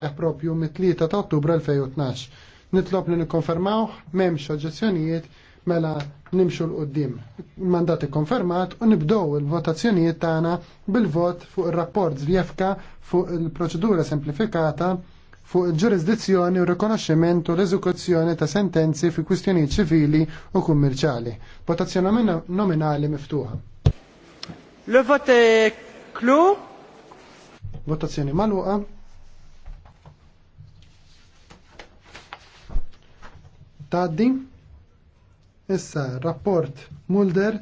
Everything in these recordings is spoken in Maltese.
Eh, propju mit-3 ta' ottubru 2012. Nitlob li nikkonfermaw m'hemmx oġġezzjonijiet mela nimxu l qoddim Mandat ikkonfermat u nibdow il-votazzjonijiet tagħna bil-vot fuq ir-rapport zvjefka fuq il-proċedura semplifikata fuq il-ġurisdizzjoni u rikonoxximent u l-eżekuzzjoni ta' sentenzi fi kwistjonijiet ċivili u kummerċali. Votazzjoni nominali miftuħa. Le vote clos. Votazzjoni maluqa. Tgħaddi. Issa rapport Mulder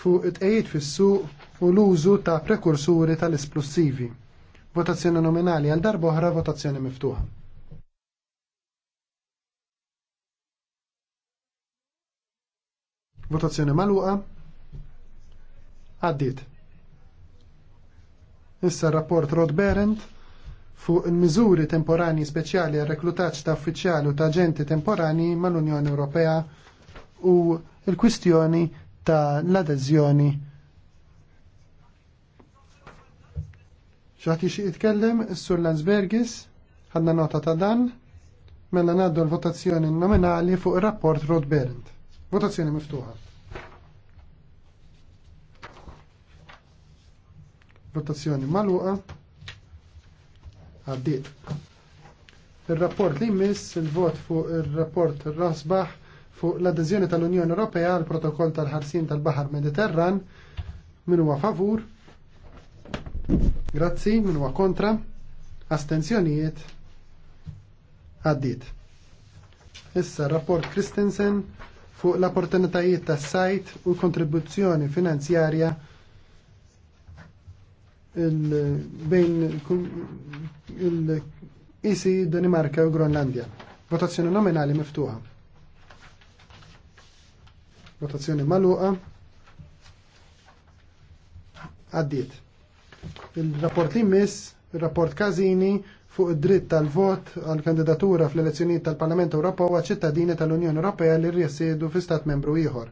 fuq it-qejjed fis-suq u l-użu ta' prekursuri tal-esplussivi. Votazzjoni nominali għal darba oħra votazzjoni miftuħa. Votazzjoni maluqa. Għaddiet. Issa rapport Rod Berend fuq il-miżuri temporani speċjali għal reklutaġġ ta' uffiċjali u ta' aġenti temporani mal-Unjoni Ewropea u l-kwistjoni ta' l adezjoni ċaħti xie jitkellem, s-sur Landsbergis, ħadna nota ta' dan, mella naddu l-votazzjoni nominali fuq il-rapport Rod Berend. Votazzjoni miftuħa. Votazzjoni maluqa għaddit. Il-rapport li jmiss il-vot fuq il-rapport Rasbaħ fuq l-adeżjoni tal-Unjoni Ewropea għal protokoll tal ħarsin tal-Baħar Mediterran min huwa favur. Grazzi, min huwa kontra. Astenzjonijiet għaddit. Issa rapport Christensen fuq l-opportunitajiet tas-sajt u l-kontribuzzjoni finanzjarja bejn il-ISI Danimarka u Gronlandja. Votazzjoni nominali miftuħa. Votazzjoni maluqa. Għaddiet. Il-rapport li miss, il-rapport Kazini fuq id-dritt tal-vot għal kandidatura fl-elezzjonijiet tal-Parlament Ewropew għal ċittadini tal-Unjoni Ewropea li rjesiedu fi stat membru ieħor.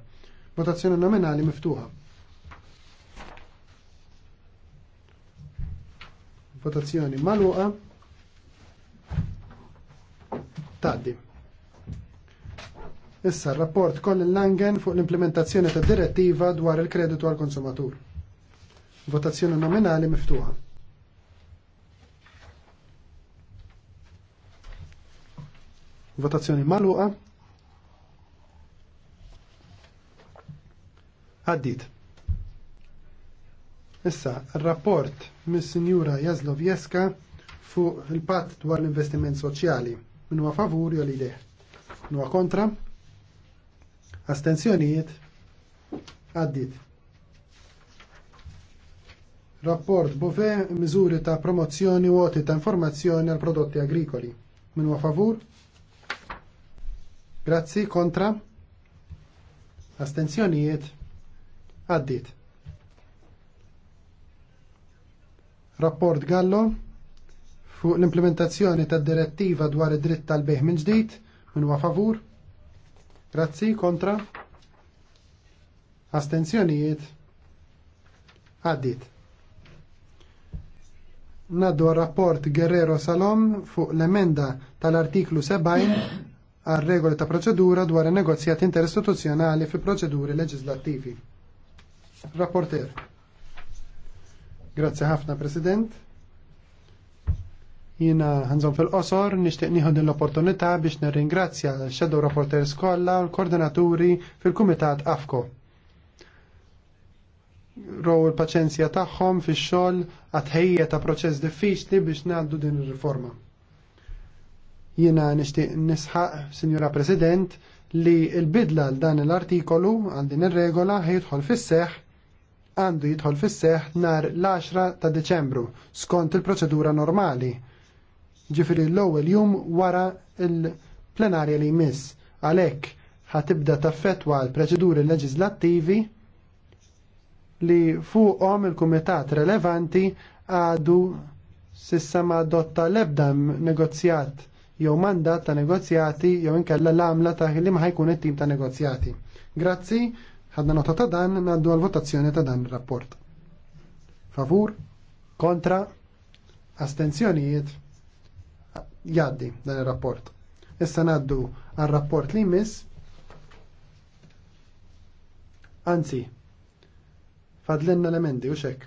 Votazzjoni nominali miftuħa. Votazzjoni maluqa. Taddi. Issa rapport Colin Langen fuq l-implementazzjoni ta' direttiva dwar il-kreditu għal konsumatur. Votazzjoni nominali miftuħa. Votazzjoni maluqa. Għaddit. Issa, rapport mis sinjura Jazlovjeska fuq il pat dwar l-investiment soċjali. huwa favur jew li huwa kontra? Astenzjonijiet? Għaddit. Rapport bove miżuri ta' promozzjoni u għoti ta' informazzjoni għal prodotti agrikoli. huwa favur? Grazzi, kontra? Astenzjonijiet? Għaddit. Rapport Gallo fuq l-implementazzjoni tad direttiva dwar id-dritt tal-beħ minn ġdid minn huwa favur. Grazzi, kontra. Astenzjonijiet. Għaddit. Naddu rapport Guerrero Salom fuq l-emenda tal-artiklu 70 għal regoli ta' proċedura dwar il-negozjat interistituzzjonali fi proċeduri leġislattivi. Rapporter. Grazzi ħafna, President. Jina ħanżon fil-qosor, nishtiq nieħu din l-opportunità biex nirringrazzja l-Shadow Reporters kollha u l-koordinaturi fil-Kumitat AFCO. Row il-paċenzja tagħhom fix-xogħol għatħejja ta' proċess diffiċli biex ngħaddu din ir-riforma. Jina nishtiq nisħaq, Sinjura President, li l-bidla l-dan l-artikolu għal din ir-regola ħejdħol fis-seħħ għandu jidħol fis seħħ nhar l-10 ta' Deċembru skont il-proċedura normali. Ġifieri l-ewwel jum wara l-plenarja li jmiss. Għalhekk ħatibda taffetwa l-proċeduri leġislattivi li fuqhom il-kumitat relevanti għadu sissa ma dotta l-ebda negozjat jew mandat ta' negozjati jew inkella l-għamla ta' li ma ħajkun it-tim ta' negozjati. Grazzi, ħadna nota ta' dan naddu għal votazzjoni ta' dan ir-rapport. Favur, kontra, astenzjonijiet, jaddi dan ir-rapport. Issa ngħaddu għal rapport li jmiss. Anzi, fadlenna l-emendi u xek.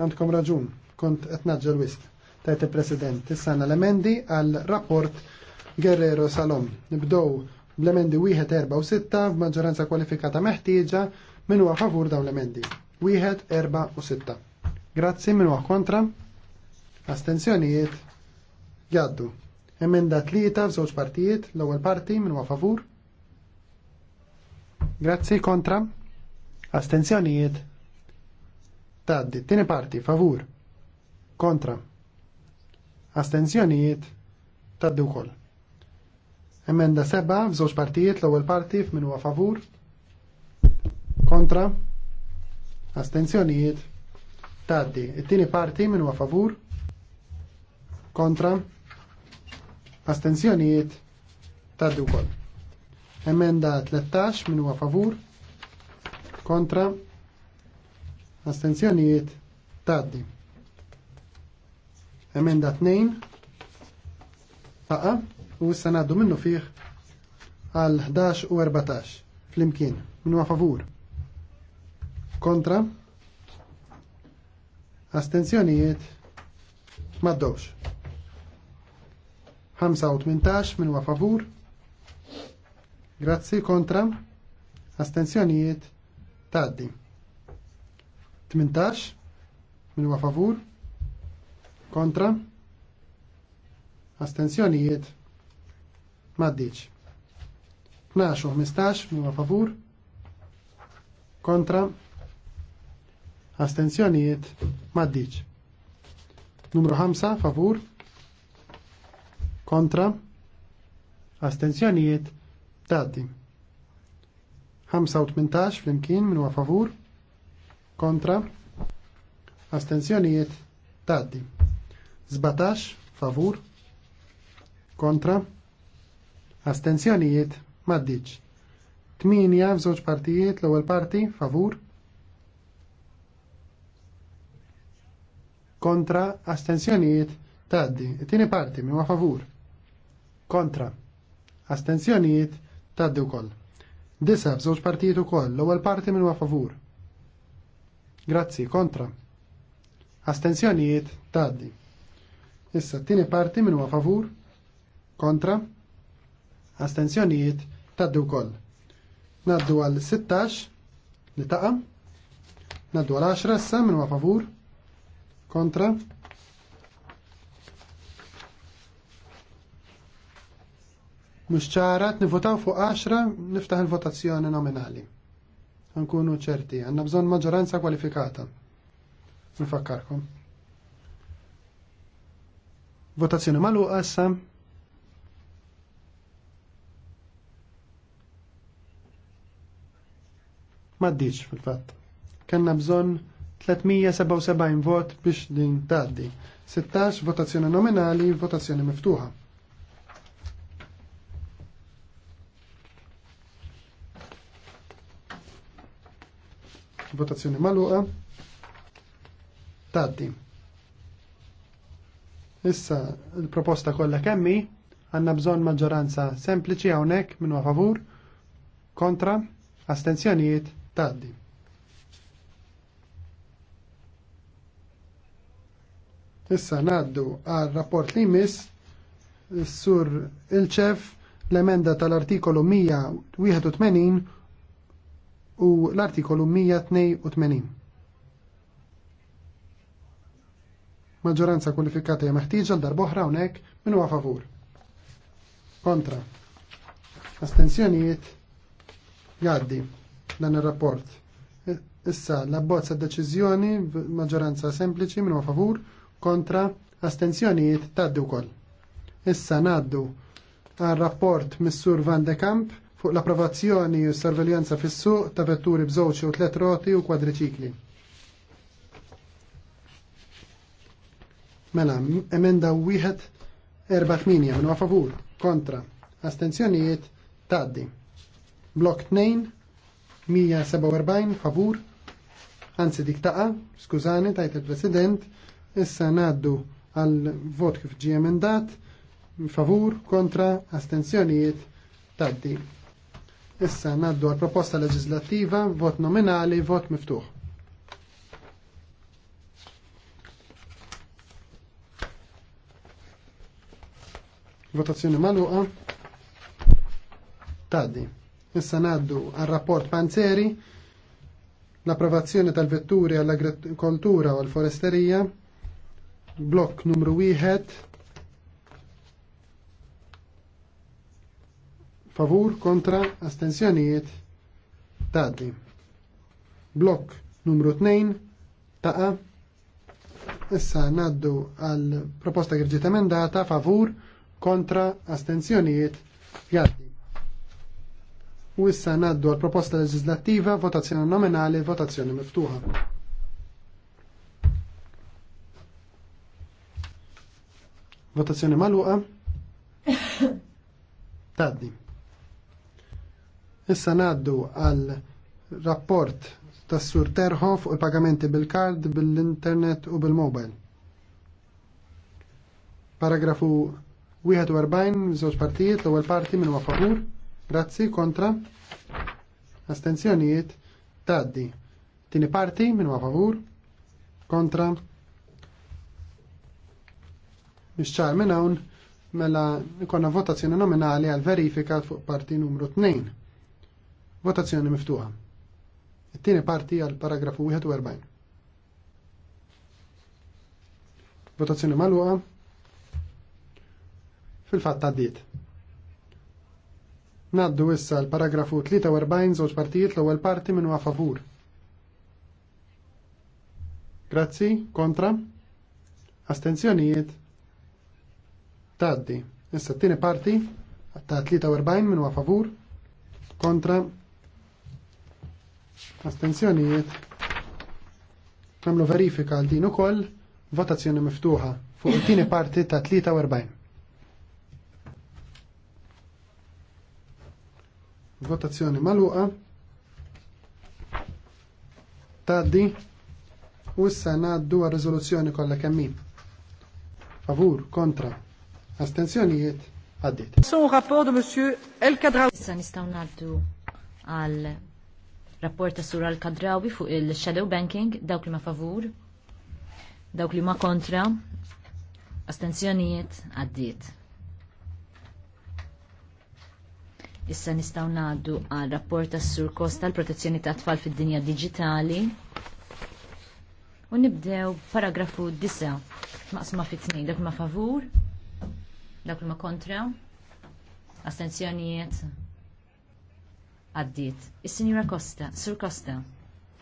Għandkom raġun, kont l-wist, Tajt il-President, issa l-emendi għal rapport Guerrero Salom. Nibdow Blemendi wieħed 4 u sitta f'maġġoranza kwalifikata meħtieġa minn huwa favur dawn l-emendi. 1, 4 u sitta. Grazzi minn huwa kontra. Astenzjonijiet jaddu. Emenda tlieta f'żewġ partijiet, l-ewwel parti minn huwa favur. Grazzi kontra. Astenzjonijiet taddi. Tieni parti favur. Kontra. Astenzjonijiet taddi wkoll. Emenda seba' f'żewġ partijiet l-ewwel parti f'min huwa favur. Kontra. Astenzjonijiet. Taddi. It-tieni parti min huwa favur. Kontra. Astenzjonijiet. Taddi wkoll. Emenda 13 min huwa favur. Kontra. Astenzjonijiet. Taddi. Emenda 2. Taqa' u s-sanaddu minnu fiħ għal 11 u 14 flimkien imkien minnu favur. Kontra astenzjonijiet m'għaddewx. 5 u 18 minnu għafavur favur. Grazzi kontra astenzjonijiet taddi. 18 minnu għafavur favur kontra astenzjonijiet maddiċ. 12 u 15 minu favur kontra astenzjonijiet maddiċ. Numru 5 favur kontra astenzjonijiet taddi. 18 flimkien minu favur kontra astenzjonijiet taddi. 17 favur Kontra. kontra Astenzjonijiet maddiċ. Tminja f'żewġ partijiet l-ewwel parti favur. Kontra astenzjonijiet taddi. It-tieni parti minn favur. Kontra. Astenzjonijiet taddi wkoll. Disa f'żewġ partijiet ukoll l-ewwel parti minn favur. Grazzi, kontra. Astenzjonijiet taddi. Issa t-tieni parti minn favur. Kontra astenzjonijiet taddu wkoll. Naddu għal 16 li taqa. Naddu għal 10 sem minn favur. Kontra. Mux ċarat nivotaw fuq 10 niftaħ il-votazzjoni nominali. Nkunu ċerti, għanna bżon maġġoranza kwalifikata. Nfakkarkom. Votazzjoni maluqa issa. maddiċ fil-fatt. Kanna bżon 377 vot biex din taddi. 16 votazzjoni nominali, votazzjoni miftuħa. Votazzjoni maluqa. Taddi. Issa, il-proposta kollha kemmi, għanna bżon maġġoranza sempliċi hawnhekk minn favur, kontra, astenzjonijiet, Taddi. Issa naddu għal rapport li mis sur il-ċef l-emenda tal-artikolu 181 u l-artikolu 182. Maġġoranza kwalifikata hija meħtieġa l darboħra hawnhekk min huwa favur. Kontra. Astenzjonijiet. Gaddi dan ir-rapport. E, issa l-abbozza deċiżjoni maġoranza sempliċi minn favur kontra astenzjonijiet taddu wkoll. Issa naddu għal rapport Missur Van de Kamp fuq l-approvazzjoni u s-sorveljanza fis-suq ta' vetturi bżewġ u tliet roti u kwadriċikli. Mela, emenda wieħed erba' tminja minn favur kontra astenzjonijiet taddi. Blok 2 147 favur, anzi dik taqa, skużani tajt il-President, issa naddu għal vot kif ġie emendat, favur, kontra, astenzjonijiet, taddi. Issa naddu għal proposta leġislattiva, vot nominali, vot miftuħ. Votazzjoni maluqa. Taddi. Issa naddu għal-rapport Panzeri, l-approvazzjoni tal-vetturi għall-agrikoltura u għall-foresterija, blok numru 1, favur kontra astensjonijiet taddi. Blok numru 2, taqa, issa naddu għal proposta għirġiet emendata favur kontra astenzjonijiet jaddi. U issa naddu għal proposta leġislattiva, votazzjoni nominali, votazzjoni miftuħa. Votazzjoni maluqa. Taddi. Issa naddu għal rapport tas sur Terho fuq il-pagamenti bil-kard, bil-internet u bil-mobile. Paragrafu 41, zoċ partijiet, l-ewwel parti minn huwa favur. Grazzi kontra. Astenzjonijiet taddi. Tini parti minu ma favur. Kontra. Mixċar minn hawn mela ikonna votazzjoni nominali għal verifika fuq parti numru 2. Votazzjoni miftuħa. It-tieni parti għal paragrafu 41. Votazzjoni magħluqa. Fil-fatt għaddiet. Naddu issa l-paragrafu 43 żewġ partijiet l-ewwel parti minnu a favur. Grazzi, kontra. Astenzjonijiet. Taddi. Issa t-tieni parti ta' 43 minnu a favur. Kontra. Astenzjonijiet. Namlu verifika għal din ukoll votazzjoni miftuħa fuq it-tieni parti ta' 43. Votazzjoni maluqa. Taddi. U issa ngħaddu għar-riżoluzzjoni kollha kemm Favur, kontra. Astenzjonijiet għaddiet. Son rapport de Monsieur El Kadrawi. Issa nistgħu ngħaddu għal rapport ta' Sur El Kadrawi fuq il-shadow banking dawk li ma favur, dawk li ma kontra, astenzjonijiet għaddiet. Issa nistgħu ngħaddu għal rapport tas sur Kosta l-protezzjoni ta' tfal fid-dinja diġitali. U nibdew paragrafu 9 maqsma fit tnejn dak ma' favur, dak ma' kontra, astenzjonijiet għaddiet. Is-Sinjura Kosta, Sur Kosta,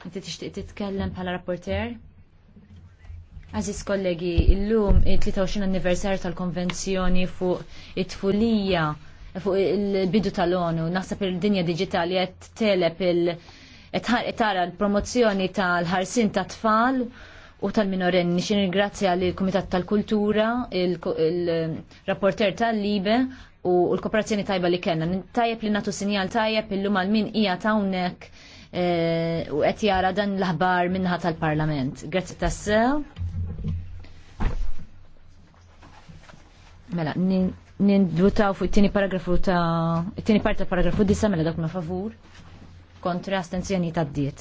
inti tixtieq titkellem bħala rapporter? Aziz kollegi, illum il-23 anniversarju tal-konvenzjoni fuq it-tfulija fuq il-bidu tal-ONU, naħseb il-dinja digitali qed telep il- tara l-promozzjoni tal-ħarsin ta' tfal u tal-minorenni. Xin ringrazzja l kumitat tal-Kultura, il-rapporter tal-Libe u l-kooperazzjoni tajba li kellna. Tajjeb li natu sinjal tajjeb illum għal min hija tawnek e, u qed jara dan l-aħbar minnaħa tal-Parlament. Grazzi tassew. Mela, nindutaw fuq it-tieni paragrafu ta' it-tieni parti ta' paragrafu disa mela dak ma' favur kontra astenzjoni ta' diet.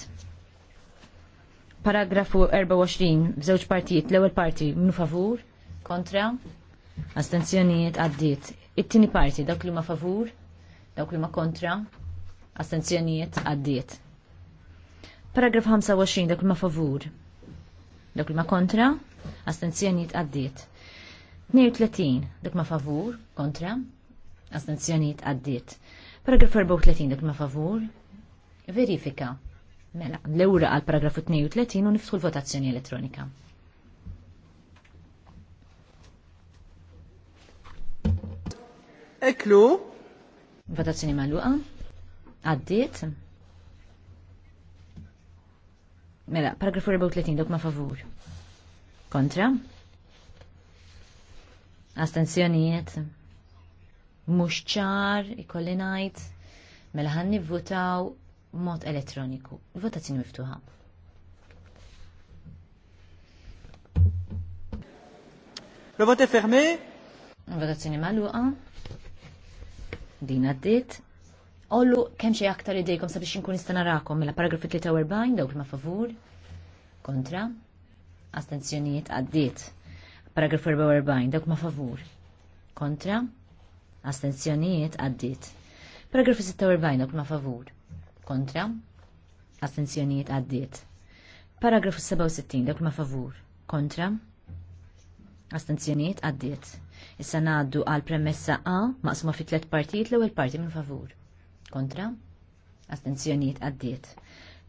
Paragrafu 24 bżewġ partijiet l-ewwel parti minu favur kontra astenzjonijiet għaddiet. It-tieni parti dak li ma' favur dak li ma' kontra astenzjonijiet għaddiet. Paragraf 25 dak li ma' favur dak li ma' kontra astenzjonijiet għaddiet. 32 dak ma favur, kontra, astenzjoniet għaddit. Paragraf 34 dik ma favur, verifika. Mela, l-ewra għal paragrafu 32 u niftħu l-votazzjoni elettronika. Eklu. Votazzjoni maluqa. Għaddit. Mela, paragrafu 34 dok ma favur. Kontra. Astenzjonijiet? Mux ċar, ikolli najt, mela ħan nivvutaw mod elettroniku. Votazzjoni miftuħa. Le vote est fermé. Votazzjoni maluqa. Din dit. Ollu kemm xi aktar idejkom sabiex inkun nista' rakom mela paragrafu 43 dawk ma' favur. Kontra. Astenzjonijiet għaddiet. Paragraf 44, dak ma favur. Kontra? Astenzjonijiet għaddit. Paragraf 46, dak ma favur. Kontra? Astenzjonijiet għaddit. Paragraf 67, dak ma favur. Kontra? Astenzjonijiet għaddit. Issa ngħaddu għal premessa A maqsma fi tlet partijiet l-ewwel parti minn favur. Kontra? Astenzjonijiet għaddit.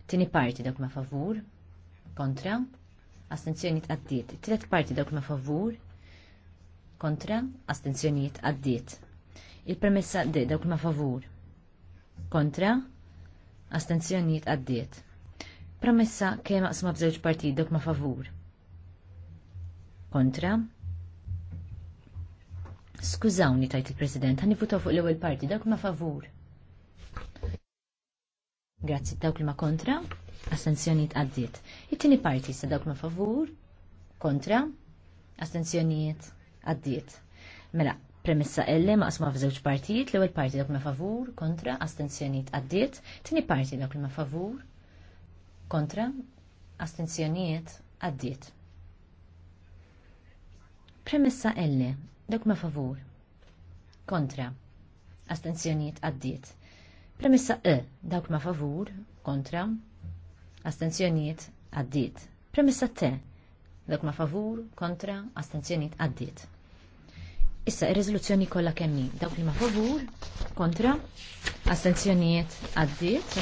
Tini parti dak ma favur? Kontra? astenzjoniet għaddiet. Tret parti dawk ma favur, kontra, astenzjoniet għaddiet. Il-premessa D dawk ma favur, kontra, astenzjoniet għaddiet. Premessa kema maqsma b'żewġ parti dawk ma favur, kontra, Skużawni tajt il-President, ħanifutaw fuq l-ewwel parti dawk ma favur. Grazzi, dawk li ma kontra, astenzjoni għaddiet. It-tini parti sa dawk ma favur, kontra, astenzjonijiet għaddiet. Mela, premessa elle ma asma f'żewġ partijiet, l-ewwel parti dawk ma favur, kontra, astenzjonijiet għaddiet, tini parti dawk li ma favur, kontra, astenzjoniet għaddiet. Premessa elle, dawk ma favur, kontra, astenzjoniet għaddiet. Premessa E, dawk ma favur, kontra, astenzjonijiet għaddiet. Premessa T, dawk ma favur, kontra, astenzjoniet, għaddiet. Issa, ir-rezoluzzjoni kollha kemmi, dawk li ma favur, kontra, astenzjoniet, għaddit.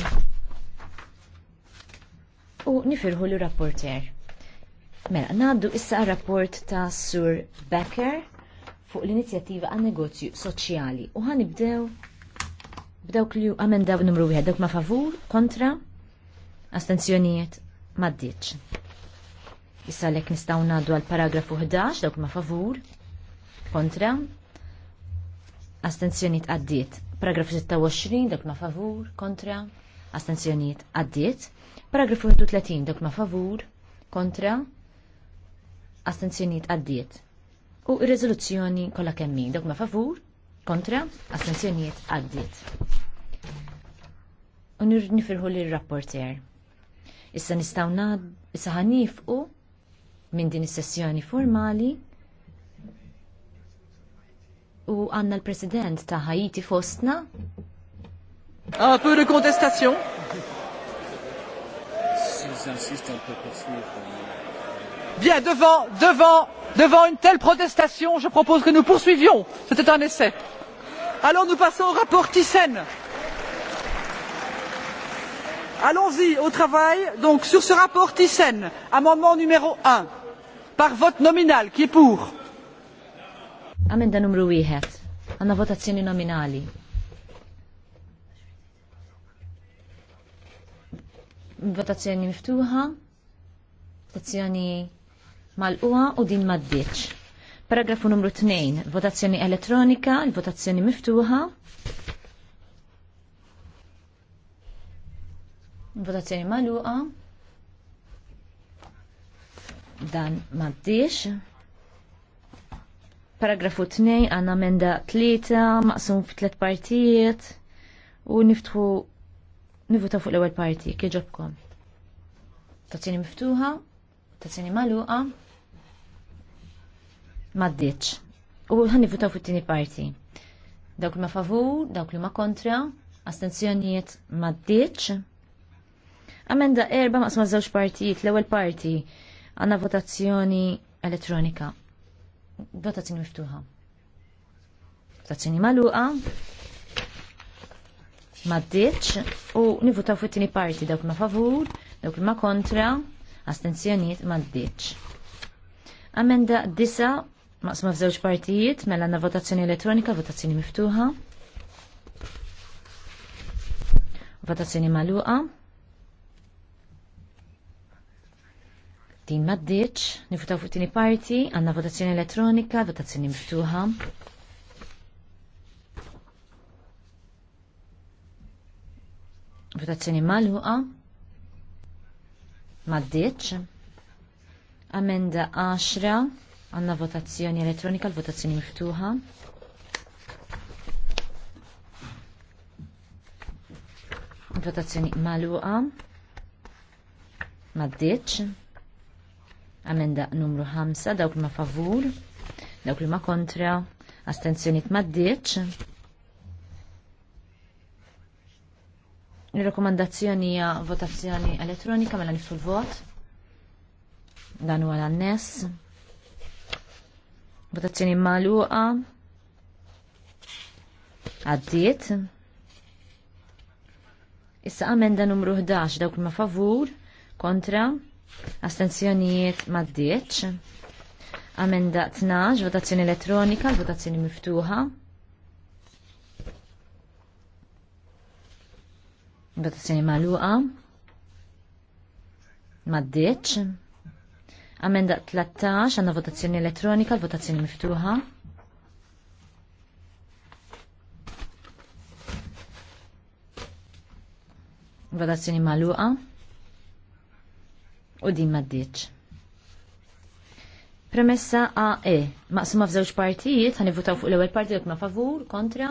U nifirħu l-rapporter. Mela, naddu issa rapport ta' Sur Becker fuq l-inizjattiva għan negozju soċjali u ħanibdew B'dawk li għamenda numru wieħed dawk ma' favur, kontra, astenzjonijiet ma' Issa lek nistaw naddu għal paragrafu 11, dawk ma' favur, kontra, astenzjonijiet għaddiet. Paragrafu 26, dawk ma' favur, kontra, astenzjonijiet għaddiet. Paragrafu 31, dawk ma' favur, kontra, astenzjonijiet għaddiet. U r rezoluzzjoni kollha kemmi, dawk ma' favur, kontra għas-sanzjonijiet għaddit. Unir nifirħu li rapporter Issa nistaw nad, issa ħanifqu minn din is-sessjoni formali u għanna l-president ta' Haiti fostna. Un peu de contestation. S'ils insistent, on peut poursuivre. Euh, Bien, devant, devant, devant une telle protestation, je propose que nous poursuivions. C'était un essai. Alors nous passons au rapport Thyssen. Allons-y au travail. Donc sur ce rapport Thyssen, amendement numéro 1, par vote nominal, qui est pour 1. Votazzjoni miftuħa. Votazzjoni mal-qua u din maddiċ. Paragrafu numru 2, votazzjoni elettronika, votazzjoni miftuħa. Votazzjoni maluqa. Dan maddiċ. Paragrafu 2, għanna menda 3, maqsum fi 3 partijiet u niftuħu nivuta fuq l-ewel parti, kieġobkom. Votazzjoni miftuħa, tazzini maluqa maddiċ. U ħanni votaw fuq tini parti. Dawk li ma favur, dawk li ma kontra, astenzjonijiet maddiċ. Amenda erba maqsma żewġ partijiet, l-ewwel parti għandna votazzjoni elettronika. Votazzjoni miftuħa. Votazzjoni magħluqa. Maddiċ u nivutaw fit tini parti dawk ma favur, dawk ma kontra, astenzjonijiet maddiċ. Amenda disa maqsma f'żewġ partijiet mela għandna votazzjoni elettronika, votazzjoni miftuħa. Votazzjoni magħluqa. Din maddiċ, nifutaw fuq tieni parti, għandna votazzjoni elettronika, votazzjoni miftuħa. Votazzjoni magħluqa. Maddiċ. Amenda 10 Għanna votazzjoni elettronika, l-votazzjoni miftuħa. Votazzjoni maluqa. Maddiċ. Amenda numru 5, dawk li ma favur, dawk li ma kontra, astenzjoni maddiċ. Il-rekomandazzjoni hija votazzjoni elettronika mela niftu l-vot. Dan huwa l-annes. Votazzjoni maluqa. Għaddiet. Issa amenda numru 11 dawk ma favur, kontra, astenzjonijiet ma ddietx. Amenda 12, votazzjoni elettronika, votazzjoni miftuħa. Votazzjoni maluqa. Ma ddietx. Amenda 13 għanna votazzjoni elettronika, votazzjoni miftuħa. Votazzjoni maluqa. U din maddiċ. Premessa AE. Maqsuma f'żewġ partijiet, għan votaw fuq l-ewel partijiet ma favur, kontra,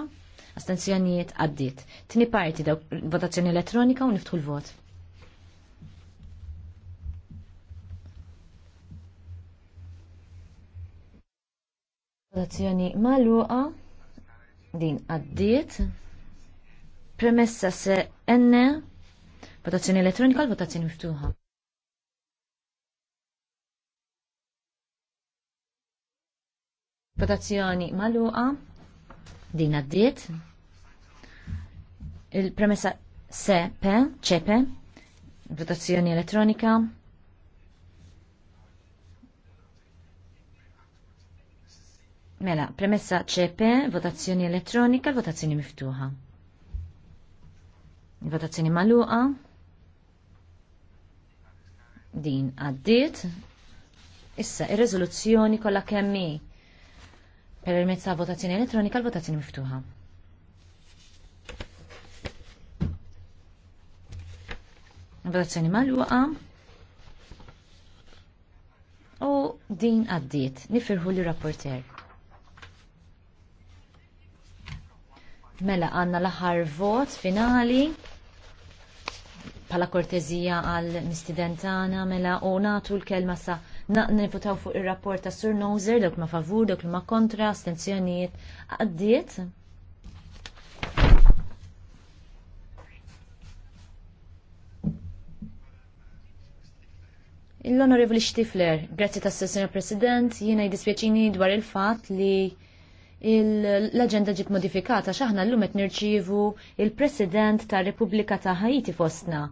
astenzjonijiet għaddit. Tini parti daw votazzjoni elettronika u niftħu l-vot. Votazzjoni maluqa din għaddiet. Premessa se enne votazzjoni elettronika l votazzjoni miftuħa. Votazzjoni maluqa din għaddiet. Il-premessa se pe, ċepe, votazzjoni elettronika, Mela, premessa CP, votazzjoni elettronika, votazzjoni miftuħa. Votazzjoni maluqa. Din għaddit. Issa, ir-rezoluzzjoni kollha kemmi permezz ta' votazzjoni elettronika, l-votazzjoni miftuħa. Votazzjoni maluqa. U din għaddit. Nifirħu li rapporter. Mela għanna l-aħħar vot finali pala kortezija għal mistidentana mela u natu l-kelma sa nifutaw fuq il-rapport ta' Sur Nozer, dok ma favur, dok ma kontra, astenzjonijiet għaddiet. l onorevoli Stifler, grazzi ta' Sessina President, jiena jdispjaċini dwar il-fat li l-agenda ġiet modifikata xaħna l-lum qed nirċievu il-President ta' Repubblika ta' Haiti fostna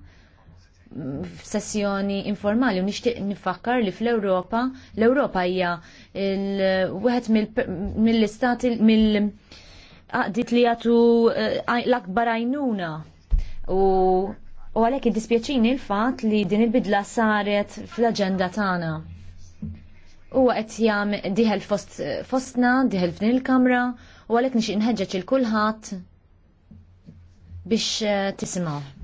sessjoni informali u nixtieq nifakkar li fl-Ewropa l-Ewropa hija wieħed mill-istati mill qaqdit li jagħtu eh, l-akbar għajnuna u għalhekk iddispjaċini l-fatt li din il-bidla saret fl-aġenda tagħna u għet jam diħel fost, fostna, diħel f'din il-kamra u għalek nix inħedġaċ il-kulħat biex eh, tisimaw.